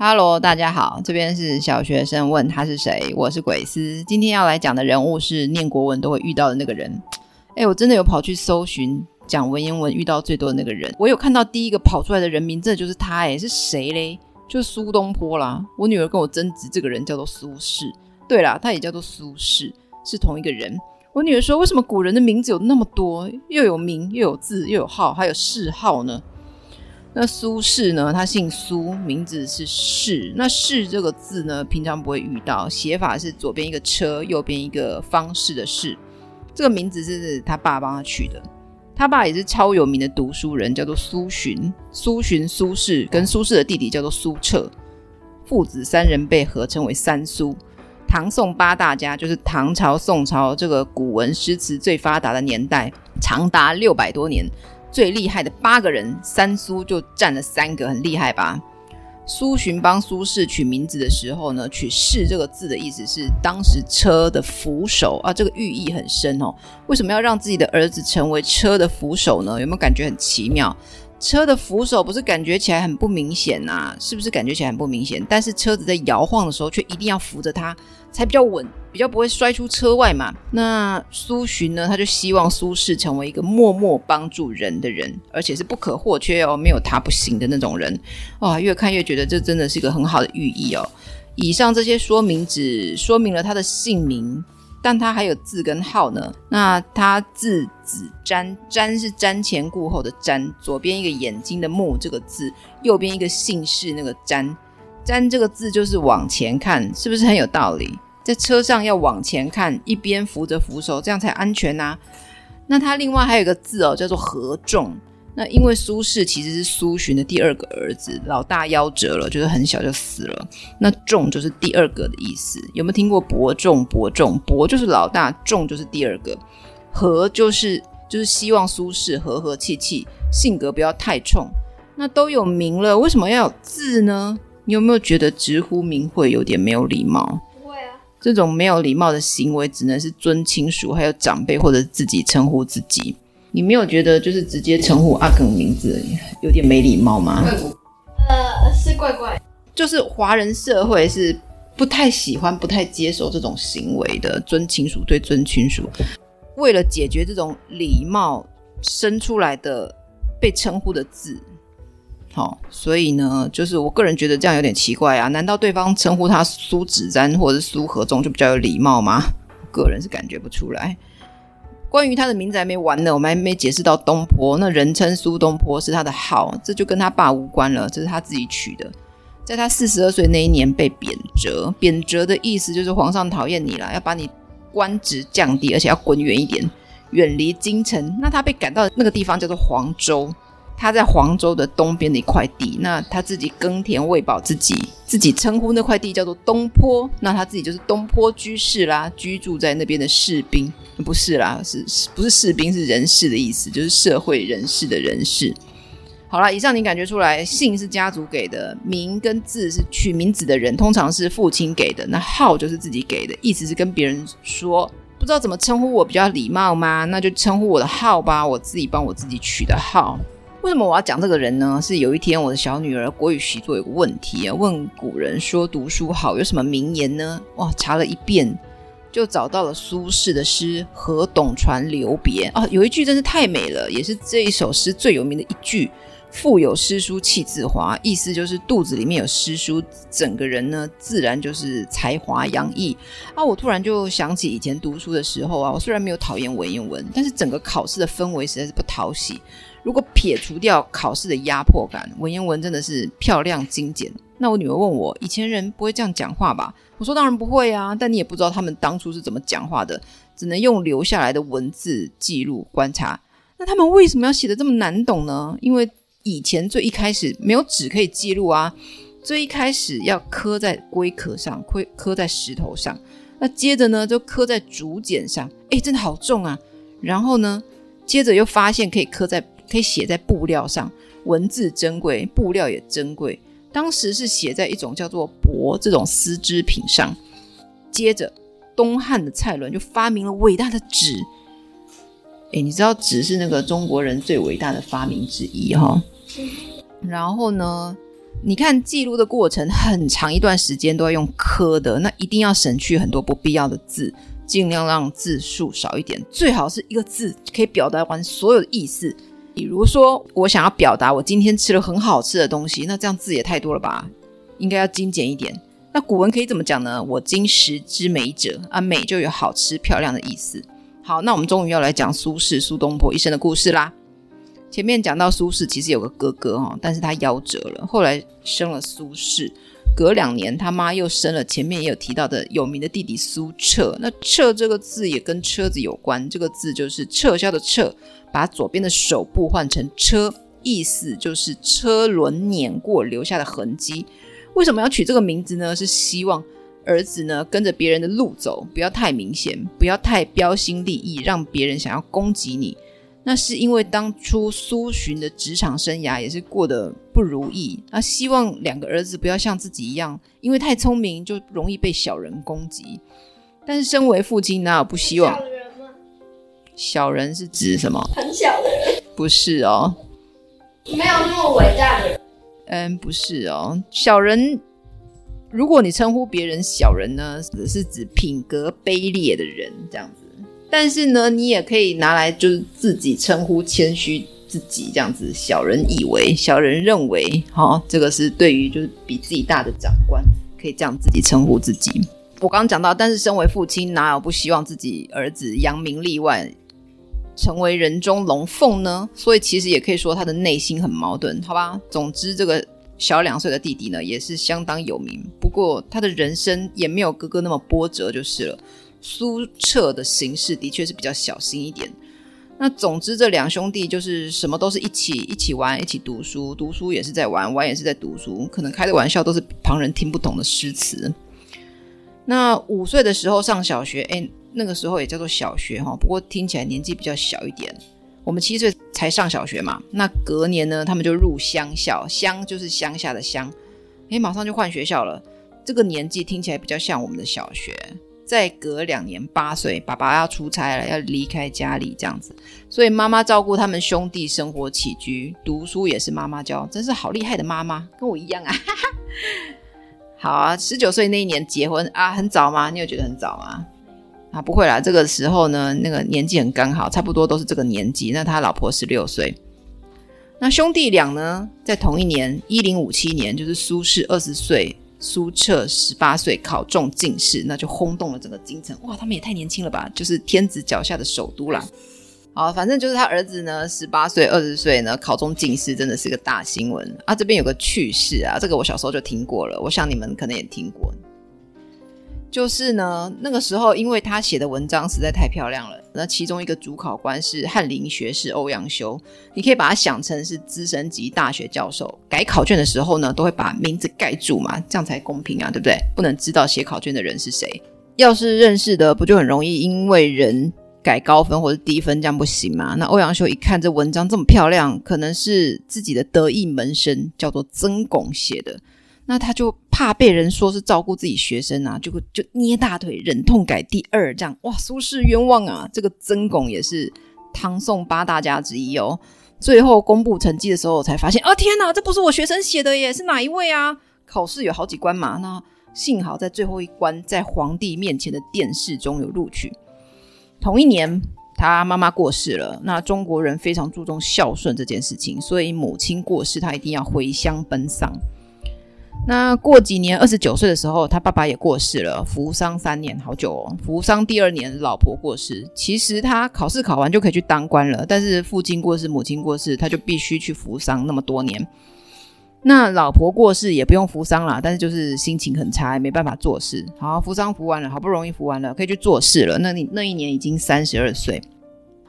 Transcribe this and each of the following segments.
哈嘍，大家好，這邊是小學生問他是誰，我是鬼斯。今天要來講的人物是念國文都會遇到的那個人。誒，欸，我真的有跑去搜尋講文言文遇到最多的那個人，我有看到第一個跑出來的人名字，欸，就是他。誒，是誰嘞？就是蘇東坡啦。我女兒跟我爭執，這個人叫做蘇軾。對啦，他也叫做蘇軾，是同一個人。我女兒說，為什麼古人的名字有那麼多，又有名又有字又有號，還有諡號呢？那蘇軾呢？他姓蘇，名字是軾。那軾這個字呢，平常不會遇到，寫法是左邊一個車，右邊一個方式的式。這個名字是他爸幫他取的。他爸也是超有名的讀書人，叫做蘇洵。蘇洵、蘇軾跟蘇軾的弟弟叫做蘇轍，父子三人被合稱為三蘇。唐宋八大家，就是唐朝、宋朝這個古文詩詞最發達的年代，長達六百多年。最厲害的八個人，三蘇就佔了三個，很厲害吧？蘇洵幫蘇軾取名字的時候呢，取“軾”這個字的意思是當時車的扶手啊，這個寓意很深哦、喔。為什麼要讓自己的兒子成為車的扶手呢？有沒有感覺很奇妙？車的扶手不是感覺起來很不明顯吶、啊？是不是感覺起來很不明顯？但是車子在搖晃的時候，卻一定要扶着它才比較穩，比較不會摔出車外嘛。那蘇洵呢？他就希望蘇軾成為一個默默幫助人的人，而且是不可或缺哦，沒有他不行的那種人。哇、哦，越看越覺得這真的是一個很好的寓意哦。以上這些說明只說明了他的姓名。但他還有字跟號呢。那他字子瞻，瞻是瞻前顧後的瞻，左邊一個眼睛的目這個字，右邊一個姓氏那個瞻，瞻這個字就是往前看，是不是很有道理？在車上要往前看，一邊扶着扶手，這樣才安全吶、啊。那他另外還有一個字哦，叫做和仲。那因為蘇軾其實是蘇洵的第二個兒子，老大夭折了，就是很小就死了。那仲就是第二個的意思，有沒有聽過伯仲伯仲？伯就是老大，仲就是第二個。和就是就是希望蘇軾和和氣氣，性格不要太衝。那都有名了，為什麼要有字呢？你有沒有覺得直呼名諱有點沒有禮貌？不會啊，這種沒有禮貌的行為只能是尊親屬，還有長輩或者是自己稱呼自己。你沒有覺得就是直接稱呼阿梗名字而已有點沒禮貌嗎？呃，是怪怪，就是華人社會是不太喜歡、不太接受這種行為的，尊親屬對尊親屬，為了解決這種禮貌生出來的被稱呼的字，好，哦，所以呢，就是我個人覺得這樣有點奇怪啊，難道對方稱呼他蘇子瞻或者是蘇和仲就比較有禮貌嗎？我個人是感覺不出來。關於他的名字還沒完呢，我們還沒解釋到東坡。那人稱蘇東坡是他的號，這就跟他爸無關了，這是他自己取的。在他四十二歲那一年被貶謫，貶謫的意思就是皇上討厭你啦，要把你官職降低，而且要滾遠一點，遠離京城。那他被趕到那個地方叫做黃州。他在黃州的東邊的一塊地，那他自己耕田餵飽自己，自己稱呼那塊地叫做東坡，那他自己就是東坡居士啦，居住在那邊的士兵。不是啦，是不是士兵，是人士的意思，就是社會人士的人士。好啦，以上你感覺出來，姓是家族給的，名跟字是取名字的人，通常是父親給的，那號就是自己給的，意思是跟別人說，不知道怎麼稱呼我比較禮貌嗎？那就稱呼我的號吧，我自己幫我自己取的號。為什麼我要講這個人呢？是有一天我的小女兒國語習作有個問題啊，問古人說讀書好有什麼名言呢？哇，查了一遍就找到了蘇軾的詩《和董傳留別》啊，有一句真是太美了，也是這一首詩最有名的一句：“腹有詩書氣自華”，意思就是肚子裡面有詩書，整個人呢自然就是才華洋溢。啊，我突然就想起以前讀書的時候啊，我雖然沒有討厭文言文，但是整個考試的氛圍實在是不討喜。如果撇除掉考試的壓迫感，文言文真的是漂亮精簡。那我女兒問我：“以前人不會這樣講話吧？”我說：“當然不會啊，但你也不知道他們當初是怎麼講話的，只能用留下來的文字記錄觀察。那他們為什麼要寫得這麼難懂呢？因為以前最一開始沒有紙可以記錄啊，最一開始要刻在龜殼上，龜刻，刻在石頭上，那接着呢就刻在竹簡上，哎、欸，真的好重啊！然後呢，接着又發現可以刻在……可以寫在布料上，文字珍貴，布料也珍貴。當時是寫在一種叫做帛這種絲織品上。接着，東漢的蔡倫就發明了偉大的紙。誒，你知道紙是那個中國人最偉大的發明之一哈、哦嗯。然後呢，你看記錄的過程，很長一段時間都要用刻的，那一定要省去很多不必要的字，盡量讓字數少一點，最好是一個字可以表達完所有意思。比如說，我想要表達我今天吃了很好吃的東西，那這樣字也太多了吧？應該要精簡一點。那古文可以怎麼講呢？我今食之美者啊，美就有好吃、漂亮的意思。好，那我們終於要來講蘇軾、蘇東坡一生的故事啦。前面講到蘇軾其實有個哥哥哈、哦，但是他夭折了，後來生了蘇軾。隔兩年，他媽又生了前面也有提到的有名的弟弟蘇轍。那轍這個字也跟車子有關，這個字就是撤銷的撤，把左邊的手部換成車，意思就是車輪碾過留下的痕跡。為什麼要取這個名字呢？是希望兒子呢跟着別人的路走，不要太明顯，不要太標新立異，讓別人想要攻擊你。那是因為當初蘇洵的職場生涯也是過得不如意，他、啊、希望兩個兒子不要像自己一樣，因為太聰明就容易被小人攻擊。但是身為父親，哪有不希望？小人嗎？小人是指什麼？很小的人？不是哦，沒有那麼偉大的人。嗯，不是哦，小人，如果你稱呼別人小人呢，是指品格卑劣的人這樣。但是呢，你也可以拿來就是自己稱呼謙虛自己這樣子，小人以為，小人認為，好、哦，這個是對於就是比自己大的長官可以這樣自己稱呼自己。我剛剛講到，但是身為父親，哪有不希望自己兒子揚名立萬，成為人中龍鳳呢？所以其實也可以說他的內心很矛盾，好吧。總之，這個小兩歲的弟弟呢，也是相當有名，不過他的人生也沒有哥哥那麽波折，就是了。蘇轍的形式的確是比較小心一點。那總之，這兩兄弟就是什麼都是一起一起玩，一起讀書，讀書也是在玩，玩也是在讀書。可能開的玩笑都是旁人聽不懂的詩詞。那五歲的時候上小學，誒、欸，那個時候也叫做小學哈，不過聽起來年紀比較小一點。我們七歲才上小學嘛。那隔年呢，他們就入鄉校，鄉就是鄉下的鄉，誒、欸，馬上就換學校了。這個年紀聽起來比較像我們的小學。再隔兩年，八歲，爸爸要出差了，要離開家裡這樣子，所以媽媽照顧他們兄弟生活起居，讀書也是媽媽教，真是好厲害的媽媽，跟我一樣啊。 好啊，十九歲那一年結婚啊，很早嗎？你有覺得很早嗎？啊，不會啦，這個時候呢，那個年紀很剛好，差不多都是這個年紀。那他老婆十六歲，那兄弟倆呢，在同一年，一零五七年，就是蘇軾二十歲。蘇轍十八歲考中進士，那就轟動了整個京城。哇，他們也太年輕了吧？就是天子腳下的首都啦。好，反正就是他兒子呢，十八歲、二十歲呢考中進士，真的是個大新聞啊。這邊有個趣事啊，這個我小時候就聽過了，我想你們可能也聽過。就是呢，那個時候，因為他寫的文章實在太漂亮了，那其中一個主考官是翰林學士歐陽修，你可以把他想成是資深級大學教授。改考卷的時候呢，都會把名字蓋住嘛，這樣才公平啊，對不對？不能知道寫考卷的人是誰，要是認識的，不就很容易因為人改高分或者低分，這樣不行嗎？那歐陽修一看這文章這麼漂亮，可能是自己的得意門生，叫做曾鞏寫的，那他就。怕被人說是照顧自己學生啊，就會就捏大腿，忍痛改第二，這樣哇，蘇軾冤枉啊！這個曾鞏也是唐宋八大家之一哦。最後公布成績的時候，才發現啊，天吶，這不是我學生寫的耶，是哪一位啊？考試有好幾關嘛，那幸好在最後一關，在皇帝面前的殿試中有錄取。同一年，他媽媽過世了，那中國人非常注重孝順這件事情，所以母親過世，他一定要回鄉奔喪。那過幾年，二十九歲的時候，他爸爸也過世了，服喪三年，好久哦。服喪第二年，老婆過世。其實他考試考完就可以去當官了，但是父親過世，母親過世，他就必須去服喪那麼多年。那老婆過世也不用服喪啦，但是就是心情很差，沒辦法做事。好，服喪服完了，好不容易服完了，可以去做事了。那你那一年已經三十二歲，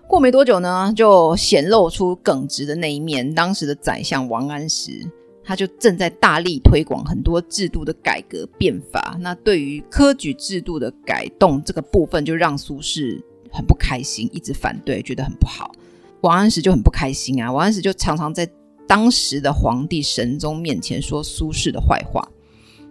過沒多久呢，就顯露出耿直的那一面。當時的宰相王安石，他就正在大力推廣很多制度的改革變法，那對於科舉制度的改動這個部分，就讓蘇軾很不開心，一直反對，覺得很不好。王安石就很不開心啊，王安石就常常在當時的皇帝神宗面前說蘇軾的壞話。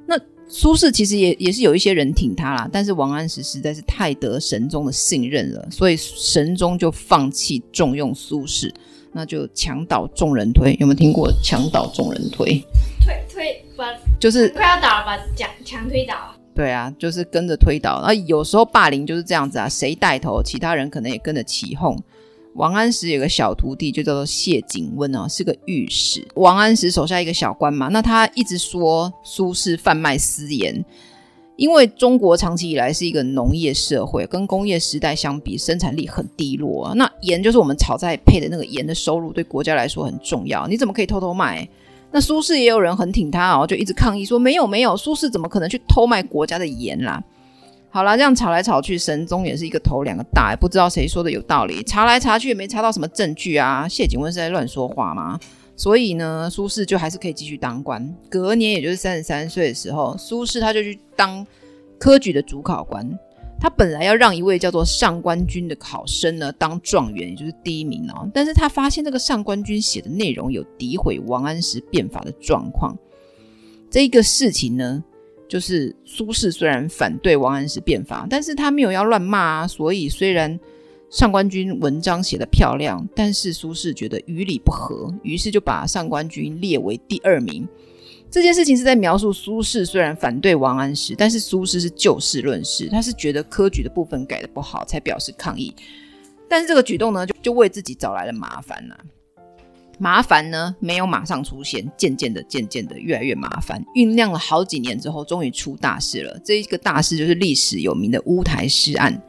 那蘇軾其實也也是有一些人挺他啦，但是王安石實在是太得神宗的信任了，所以神宗就放棄重用蘇軾。那就牆倒眾人推，有沒有聽過「牆倒眾人推」？推推把，就是快要倒了，把牆牆推倒。對啊，就是跟着推倒。那有時候霸凌就是這樣子啊，誰帶頭，其他人可能也跟着起哄。王安石有個小徒弟，就叫做謝景溫啊，是個御史，王安石手下一個小官嘛。那他一直說蘇軾販賣私鹽。因為中國長期以來是一個農業社會，跟工業時代相比，生產力很低落。那鹽就是我們炒菜配的那個鹽的收入，對國家來說很重要。你怎麼可以偷偷賣？那蘇軾也有人很挺他哦，就一直抗議說，沒有沒有，蘇軾怎麼可能去偷賣國家的鹽啦？好啦，這樣吵來吵去，神宗也是一個頭兩個大，也不知道誰說的有道理。查來查去也沒查到什麼證據啊，謝景溫是在亂說話嗎？所以呢，蘇軾就還是可以繼續當官。隔年，也就是三十三歲的時候，蘇軾他就去當科舉的主考官。他本來要讓一位叫做上官均的考生呢當狀元，也就是第一名哦。但是他發現這個上官均寫的內容有詆毀王安石變法的狀況。這一個事情呢，就是蘇軾雖然反對王安石變法，但是他沒有要亂罵啊。所以雖然。上官君文章寫得漂亮，但是蘇軾覺得於理不合，於是就把上官君列為第二名。這件事情是在描述蘇軾雖然反對王安石，但是蘇軾是就事論事，他是覺得科舉的部分改得不好才表示抗議。但是這個舉動呢，就就為自己找來了麻煩吶、啊。麻煩呢沒有馬上出現，漸漸的漸漸的越來越麻煩。醞釀了好幾年之後，終於出大事了。這一個大事就是歷史有名的烏臺詩案。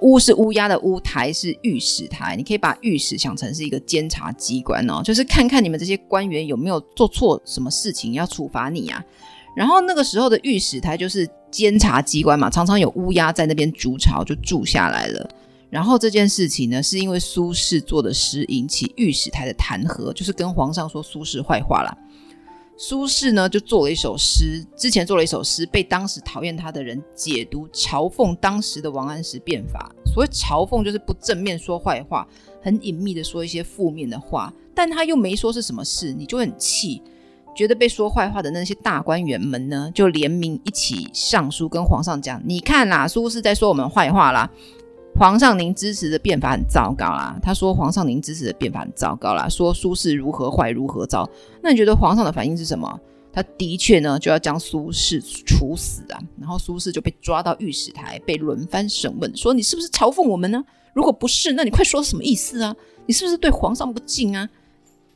烏是烏鴉的烏，台是御史台，你可以把御史想成是一個監察機關哦，就是看看你們這些官員有沒有做錯什麼事情要處罰你啊。然後那個時候的御史台就是監察機關嘛，常常有烏鴉在那邊築巢就住下來了。然後這件事情呢，是因為蘇軾做的詩引起御史台的彈劾，就是跟皇上說蘇軾壞話了。蘇軾呢，就做了一首詩，之前做了一首詩，被當時討厭他的人解讀嘲諷當時的王安石變法。所謂嘲諷就是不正面說壞話，很隱秘地說一些負面的話。但他又沒說是什麼事，你就很氣，覺得被說壞話的那些大官員們呢，就聯名一起上書跟皇上講：“你看啦，蘇軾在說我們壞話啦。”皇上，您支持的變法很糟糕啦。他說：“皇上，您支持的變法很糟糕啦。”說蘇軾如何壞，如何糟。”那你覺得皇上的反應是什麼？他的確呢，就要將蘇軾處死啊。然後蘇軾就被抓到御史台，被輪番審問，說：“你是不是嘲諷我們呢？如果不是，那你快說什麼意思啊？你是不是對皇上不敬啊？”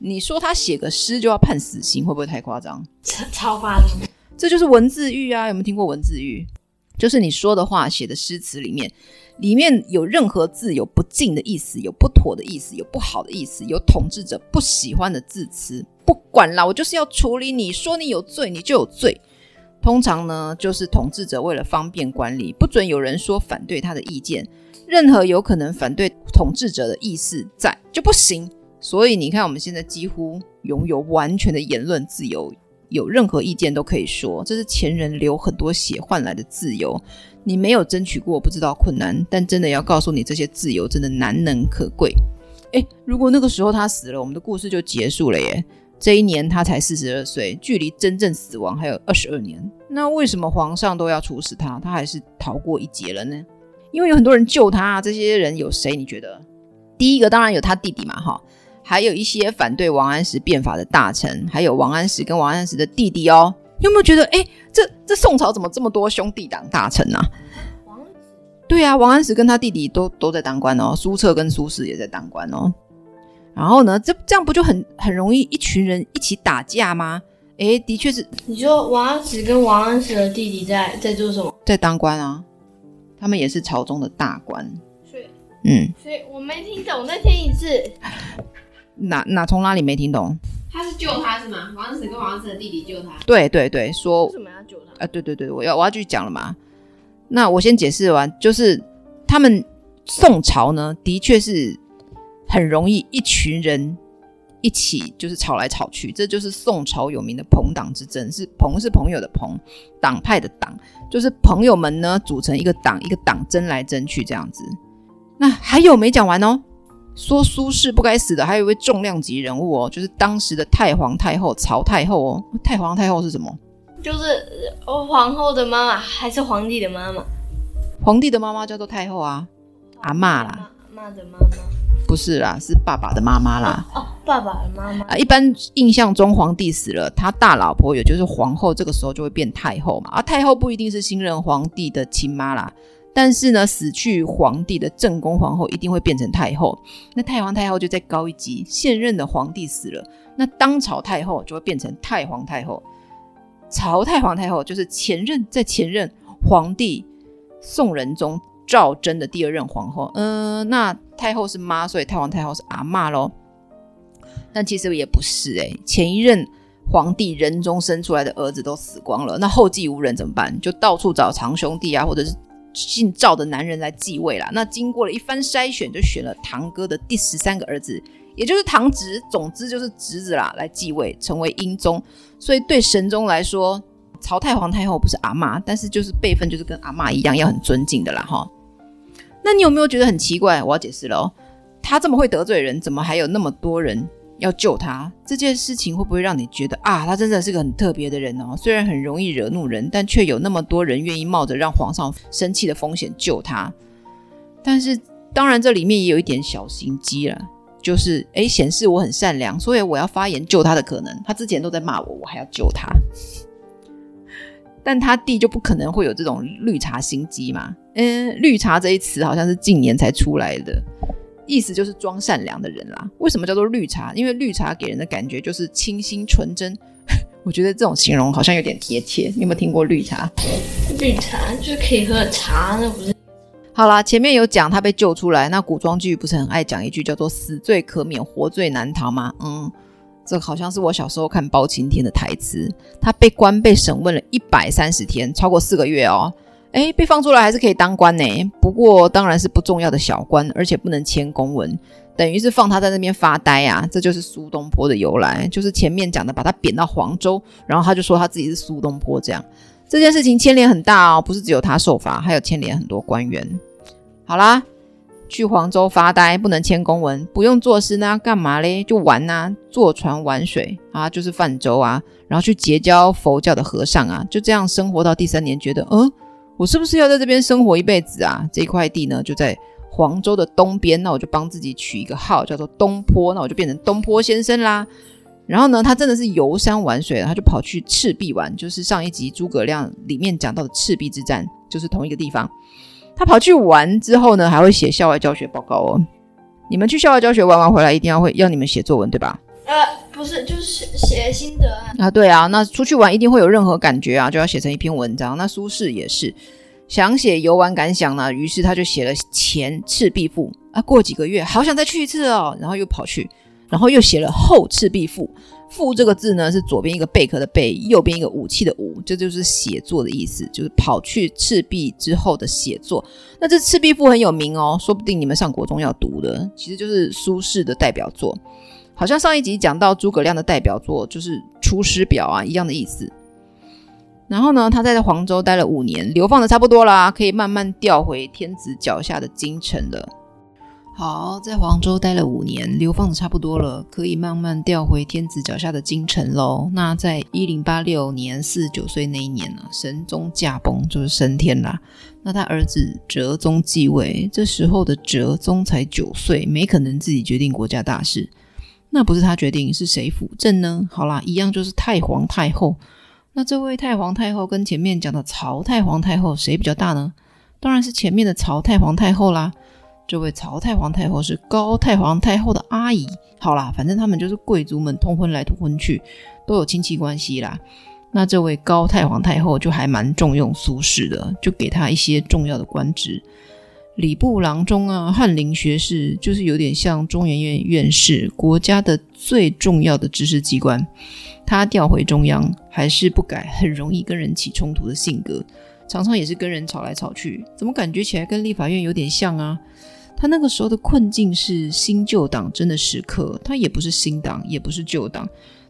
你說他寫個詩就要判死刑，會不會太誇張？這超誇張。這就是文字獄啊！有沒有聽過文字獄？就是你說的話、寫的詩詞裡面。裡面有任何字有不敬的意思，有不妥的意思，有不好的意思，有統治者不喜歡的字詞，不管啦，我就是要處理你，說你有罪，你就有罪。通常呢，就是統治者為了方便管理，不准有人說反對他的意見，任何有可能反對統治者的意思在就不行。所以你看，我們現在幾乎擁有完全的言論自由。有任何意見都可以說，這是前人流很多血換來的自由。你沒有爭取過，不知道困難。但真的要告訴你，這些自由真的難能可貴。誒，如果那個時候他死了，我們的故事就結束了耶。這一年他才四十二歲，距離真正死亡還有二十二年。那為什麼皇上都要處死他？他還是逃過一劫了呢？因為有很多人救他。這些人有誰？你覺得第一個當然有他弟弟嘛。哈。還有一些反對王安石變法的大臣，還有王安石跟王安石的弟弟哦。有沒有覺得，哎，這這宋朝怎麼這麼多兄弟當大臣啊？王安石對啊，王安石跟他弟弟都都在當官哦，蘇轍跟蘇軾也在當官哦。然後呢，這這樣不就很很容易一群人一起打架嗎？哎，的確是。你說王安石跟王安石的弟弟在在做什麼？在當官啊，他們也是朝中的大官。所以嗯，所以我沒聽懂，再聽一次。哪哪從哪裡沒聽懂？他是救他是嗎？王子跟王子的弟弟救他？對對對，說為什麼要救他？啊、呃，對對對，我要我要繼續講了嘛。那我先解釋完，就是他們宋朝呢，的確是很容易一群人一起就是吵來吵去，這就是宋朝有名的朋黨之爭，是朋是朋友的朋，黨派的黨，就是朋友們呢組成一個黨，一個黨爭來爭去這樣子。那還有沒講完哦。說蘇軾不該死的還有一位重量級人物哦，就是當時的太皇太后曹太后哦。太皇太後是什麼？就是皇後的媽媽，還是皇帝的媽媽？皇帝的媽媽叫做太後啊，媽阿嬤啦媽啦，媽的媽媽不是啦，是爸爸的媽媽啦。哦、啊啊，爸爸的媽媽啊。一般印象中，皇帝死了，他大老婆也就是皇後，這個時候就會變太后嘛。啊，太後不一定是新任皇帝的親媽啦。但是呢，死去皇帝的正宮皇後一定會變成太後，那太皇太後就再高一級。現任的皇帝死了，那當朝太後就會變成太皇太後。朝太皇太後就是前任在前任皇帝宋仁宗趙禎的第二任皇後。嗯、呃，那太後是媽，所以太皇太後是阿嬤嘍。但其實也不是誒、欸，前一任皇帝仁宗生出來的兒子都死光了，那後繼無人怎麼辦？就到處找長兄弟啊，或者是。姓趙的男人來繼位了，那經過了一番篩選，就選了堂哥的第十三個兒子，也就是堂侄，總之就是侄子啦，來繼位成為英宗。所以對神宗來說，曹太皇太後不是阿嬤，但是就是輩分就是跟阿嬤一樣，要很尊敬的啦哈。那你有沒有覺得很奇怪？我要解釋了哦，他這麼會得罪人，怎麼還有那麼多人？要救他這件事情會不會讓你覺得啊，他真的是個很特別的人哦？雖然很容易惹怒人，但卻有那麼多人願意冒着讓皇上生氣的風險救他。但是當然，這裡面也有一點小心機了，就是誒，顯示我很善良，所以我要發言救他的可能。他之前都在罵我，我還要救他。但他弟就不可能會有這種綠茶心機嘛？嗯，綠茶這一詞好像是近年才出來的。意思就是裝善良的人啦。為什麼叫做綠茶？因為綠茶給人的感覺就是清新純真。 我覺得這種形容好像有點貼切。你有沒有聽過綠茶？綠茶就是可以喝的茶，那不是？好啦，前面有講他被救出來。那古裝劇不是很愛講一句叫做“死罪可免，活罪難逃”嗎？嗯，這好像是我小時候看《包青天》的台詞。他被關被審問了一百三十天，超過四個月哦、喔。哎，被放出來還是可以當官呢，不過當然是不重要的小官，而且不能簽公文，等於是放他在那邊發呆啊。這就是蘇東坡的由來，就是前面講的把他貶到黃州，然後他就說他自己是蘇東坡這樣。這件事情牽連很大哦，不是只有他受罰，還有牽連很多官員。好啦，去黃州發呆，不能簽公文，不用做事呢，幹嘛嘞？就玩吶、啊，坐船玩水啊，就是泛舟啊，然後去結交佛教的和尚啊，就這樣生活到第三年，覺得嗯。我是不是要在這邊生活一輩子啊？這一塊地呢，就在黃州的東邊，那我就幫自己取一個號，叫做東坡，那我就變成東坡先生啦。然後呢，他真的是遊山玩水了，他就跑去赤壁玩，就是上一集諸葛亮裡面講到的赤壁之戰，就是同一個地方。他跑去玩之後呢，還會寫校外教學報告哦。你們去校外教學玩完回來，一定要會要你們寫作文，對吧？呃，不是，就是寫心得啊，對啊，那出去玩一定會有任何感覺啊，就要寫成一篇文章。那蘇軾也是想寫遊玩感想呢，啊，於是他就寫了《前赤壁賦》啊。過幾個月，好想再去一次哦，然後又跑去，然後又寫了《後赤壁賦》。賦這個字呢，是左邊一個貝殼的貝，右邊一個武器的武，這就是寫作的意思，就是跑去赤壁之後的寫作。那這《赤壁賦》很有名哦，說不定你們上國中要讀的，其實就是蘇軾的代表作。好像上一集講到諸葛亮的代表作就是《出師表》啊，一樣的意思。然後呢，他在黃州待了五年，流放的差不多了，可以慢慢調回天子腳下的京城了。好，在黃州待了五年，流放的差不多了，可以慢慢調回天子腳下的京城嘍。那在一零八六年四十九歲那一年呢，啊，神宗駕崩，就是升天啦。那他兒子哲宗繼位，這時候的哲宗才九歲，沒可能自己決定國家大事。那不是他決定是誰輔政呢？好啦，一樣就是太皇太後。那這位太皇太后跟前面講的曹太皇太后誰比較大呢？當然是前面的曹太皇太后啦。這位曹太皇太後是高太皇太後的阿姨。好啦，反正他們就是貴族們通婚來通婚去，都有親戚關係啦。那這位高太皇太後就還蠻重用蘇軾的，就給他一些重要的官職。禮部郎中啊，翰林學士，就是有點像中研院院士，國家的最重要的知識機關。他調回中央還是不改，很容易跟人起衝突的性格，常常也是跟人吵來吵去。怎麼感覺起來跟立法院有點像啊？他那個時候的困境是新舊黨爭的時刻，他也不是新黨，也不是舊黨，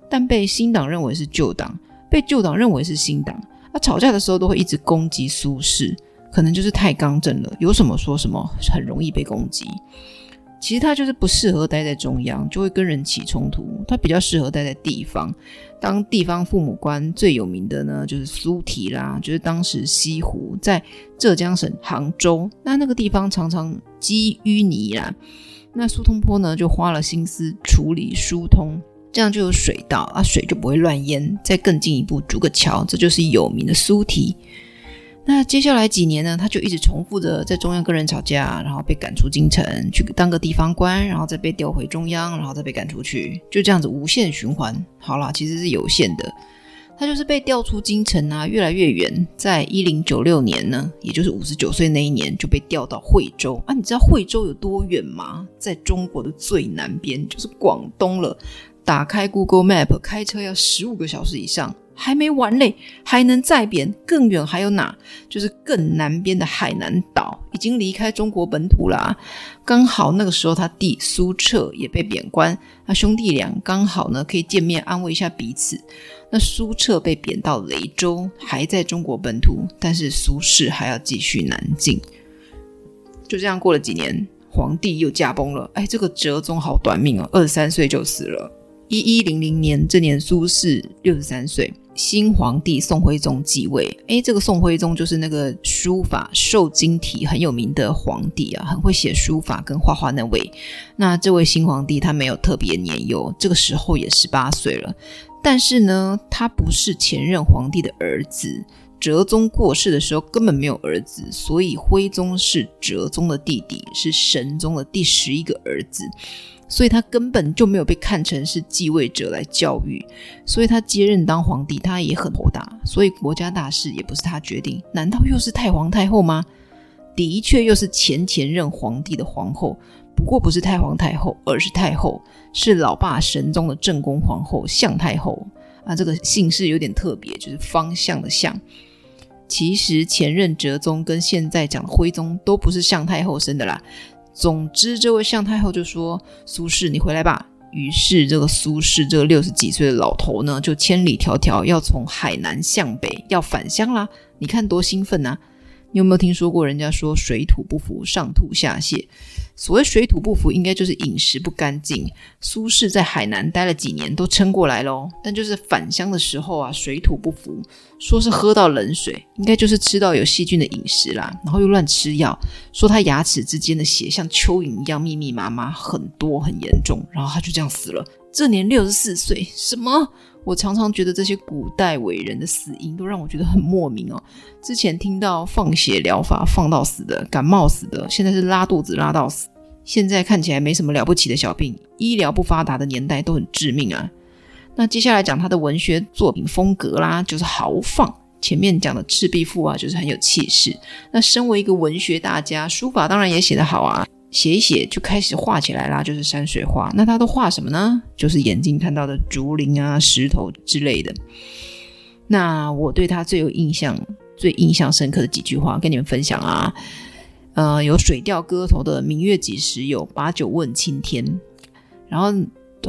但被新黨認為是舊黨，被舊黨認為是新黨。他、啊、吵架的時候都會一直攻擊蘇軾。可能就是太剛正了，有什麼說什麼，很容易被攻擊。其實他就是不適合待在中央，就會跟人起衝突。他比較適合待在地方，當地方父母官。最有名的呢，就是蘇堤啦，就是當時西湖在浙江省杭州，那那個地方常常積淤泥啦。那蘇東坡呢，就花了心思處理疏通，這樣就有水道啊，水就不會亂淹。再更進一步，築個橋，這就是有名的蘇堤。那接下來幾年呢？他就一直重複着在中央跟人吵架，然後被趕出京城，去當個地方官，然後再被調回中央，然後再被趕出去，就這樣子無限循環。好啦，其實是有限的，他就是被調出京城啊，越來越遠。在一零九六年呢，也就是五十九歲那一年，就被調到惠州。啊，你知道惠州有多遠嗎？在中國的最南邊，就是廣東了。打開 Google Map，開車要十五個小時以上。還沒完嘞，還能再貶更遠，還有哪？就是更南邊的海南島，已經離開中國本土啦、啊。剛好那個時候，他弟蘇轍也被貶官，那兄弟倆剛好呢可以見面安慰一下彼此。那蘇轍被貶到雷州，還在中國本土，但是蘇軾還要繼續南進。就這樣過了幾年，皇帝又駕崩了。哎，這個哲宗好短命哦，二十三歲就死了。一一零零年，這年蘇軾六十三歲。新皇帝宋徽宗繼位，哎，這個宋徽宗就是那個書法瘦金體很有名的皇帝啊，很會寫書法跟畫畫那位。那這位新皇帝他沒有特別年幼，這個時候也十八歲了。但是呢，他不是前任皇帝的兒子。哲宗過世的時候根本沒有兒子，所以徽宗是哲宗的弟弟，是神宗的第十一個兒子。所以他根本就沒有被看成是繼位者來教育，所以他接任當皇帝，他也很頭大，所以國家大事也不是他決定。難道又是太皇太后嗎？的確又是前前任皇帝的皇後，不過不是太皇太後，而是太後，是老爸神宗的正宮皇后向太後。啊，這個姓氏有點特別，就是方向的向。其實前任哲宗跟現在講的徽宗都不是向太后生的啦。總之，這位向太後就說：“蘇軾，你回來吧。”於是，這個蘇軾，這個六十幾歲的老頭呢，就千里迢迢要從海南向北要返鄉啦。你看多興奮啊！你有沒有聽說過人家說水土不服，上吐下瀉？所謂水土不服，應該就是飲食不乾淨。蘇軾在海南待了幾年，都撐過來嘍。但就是返鄉的時候啊，水土不服，說是喝到冷水，應該就是吃到有細菌的飲食啦。然後又亂吃藥，說他牙齒之間的血像蚯蚓一樣密密麻麻，很多很嚴重。然後他就這樣死了，這年六十四歲。什麼？我常常覺得這些古代偉人的死因都讓我覺得很莫名哦。之前聽到放血療法放到死的，感冒死的，現在是拉肚子拉到死，現在看起來沒什麼了不起的小病，醫療不發達的年代都很致命啊。那接下來講他的文學作品風格啦，就是豪放。前面講的《赤壁賦》啊，就是很有氣勢。那身為一個文學大家，書法當然也寫得好啊。寫一寫就開始畫起來啦，就是山水畫。那他都畫什麼呢？就是眼睛看到的竹林啊、石頭之類的。那我對他最有印象、最印象深刻的幾句話，跟你們分享啊。呃，有《水調歌頭》的“明月幾時有，把酒問青天”，然後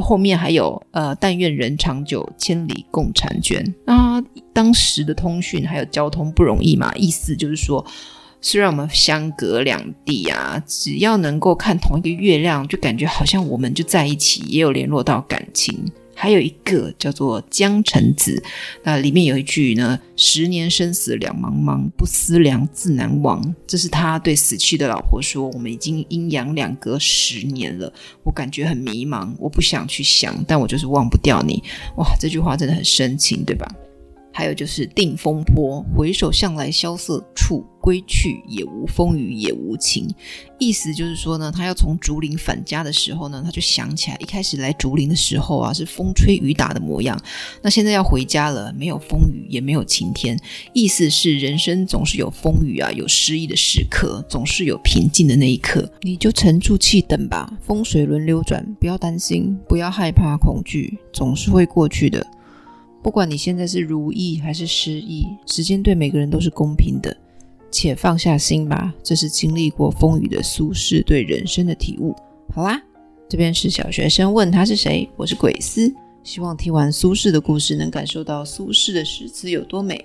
後面還有，呃，“但願人長久，千里共嬋娟”。啊，當時的通訊還有交通不容易嘛，意思就是說。雖然我們相隔兩地啊，只要能夠看同一個月亮，就感覺好像我們就在一起，也有聯絡到感情。還有一個叫做《江城子》，那裡面有一句呢：“十年生死兩茫茫，不思量，自難忘。”這是他對死去的老婆說：“我們已經陰陽兩隔十年了，我感覺很迷茫，我不想去想，但我就是忘不掉你。”哇，這句話真的很深情，對吧？還有就是《定風波》，回首向來蕭瑟處，歸去，也無風雨也無晴。意思就是說呢，他要從竹林返家的時候呢，他就想起來，一開始來竹林的時候啊，是風吹雨打的模樣。那現在要回家了，沒有風雨，也沒有晴天。意思是人生總是有風雨啊，有失意的時刻，總是有平靜的那一刻，你就沉住氣等吧。風水輪流轉，不要擔心，不要害怕恐懼，總是會過去的。不管你現在是如意還是失意，時間對每個人都是公平的。且放下心吧，這是經歷過風雨的蘇軾對人生的體悟。好啦，這邊是小學生問他是誰，我是鬼斯。希望聽完蘇軾的故事，能感受到蘇軾的詩詞有多美，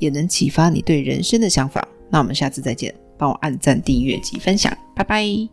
也能啟發你對人生的想法。那我們下次再見，幫我按贊、訂閱及分享，拜拜。